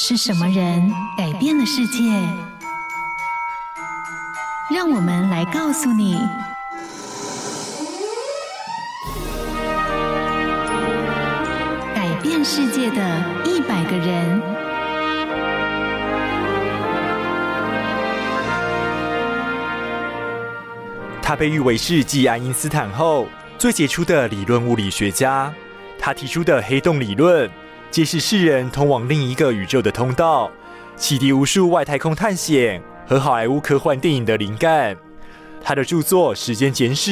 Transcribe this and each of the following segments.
是什麼人改變了世界？讓我們來告訴你：改變世界的一百個人。他被譽為是繼愛因斯坦後最傑出的理論物理學家，他提出的黑洞理論，皆是世人通往另一個宇宙的通道，啟迪無數外太空探險和好萊塢科幻電影的靈感。他的著作《時間簡史》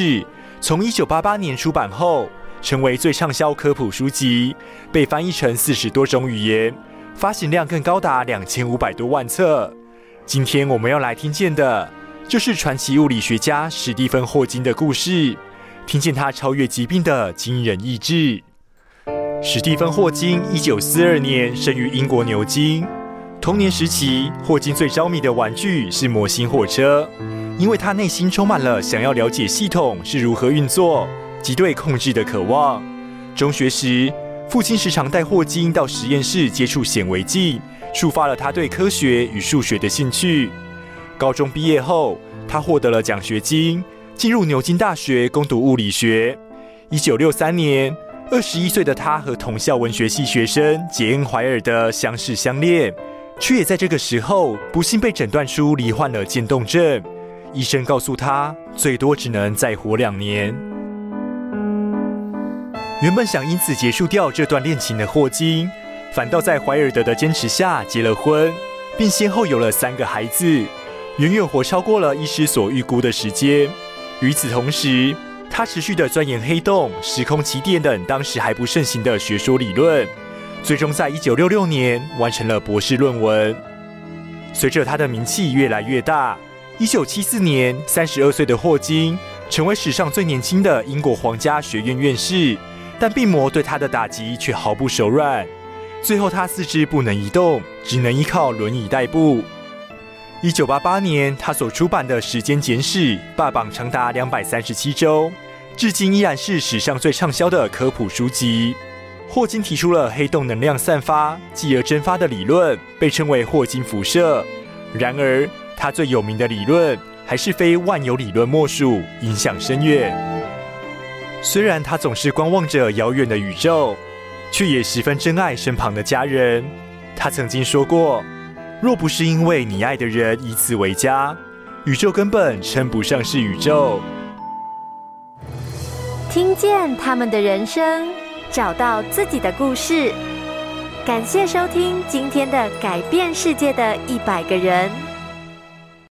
從一九八八年出版後，成為最暢銷科普書籍，被翻譯成四十多種語言，發行量更高達兩千五百多萬冊。今天我們要來聽見的，就是傳奇物理學家史蒂芬·霍金的故事，聽見他超越疾病的驚人意志。史蒂芬·霍金，一九四二年生於英國牛津。童年時期，霍金最着迷的玩具是模型火車，因為他內心充滿了想要了解系統是如何運作及對控制的渴望。中學時，父親時常帶霍金到實驗室接觸顯微鏡，觸發了他對科學與數學的興趣。高中畢業後，他獲得了獎學金，進入牛津大學攻讀物理學。一九六三年，二十一歲的他和同校文學系學生傑恩·懷爾德相識相戀，卻也在這個時候不幸被診斷出罹患了漸凍症。醫生告訴他，最多只能再活兩年。原本想因此結束掉這段戀情的霍金，反倒在懷爾德的堅持下結了婚，並先後有了三個孩子，遠遠活超過了醫師所預估的時間。與此同時，他持續地鑽研黑洞、時空奇點等當時還不盛行的學說理論，最終在1966年完成了博士論文。隨着他的名氣越來越大，1974年，三十二歲的霍金成為史上最年輕的英國皇家學院院士。但病魔對他的打擊卻毫不手軟，最後他四肢不能移動，只能依靠輪椅代步。一九八八年，他所出版的《時間簡史》霸榜長達兩百三十七周，至今依然是史上最暢銷的科普書籍。霍金提出了黑洞能量散發繼而蒸發的理論，被稱為霍金輻射。然而，他最有名的理論還是非萬有理論莫屬，影響深遠。雖然他總是觀望着遙遠的宇宙，卻也十分珍愛身旁的家人。他曾經說過。若不是因為你愛的人以此為家，宇宙根本稱不上是宇宙。聽見他們的人生，找到自己的故事。感謝收聽今天的改變世界的一百個人。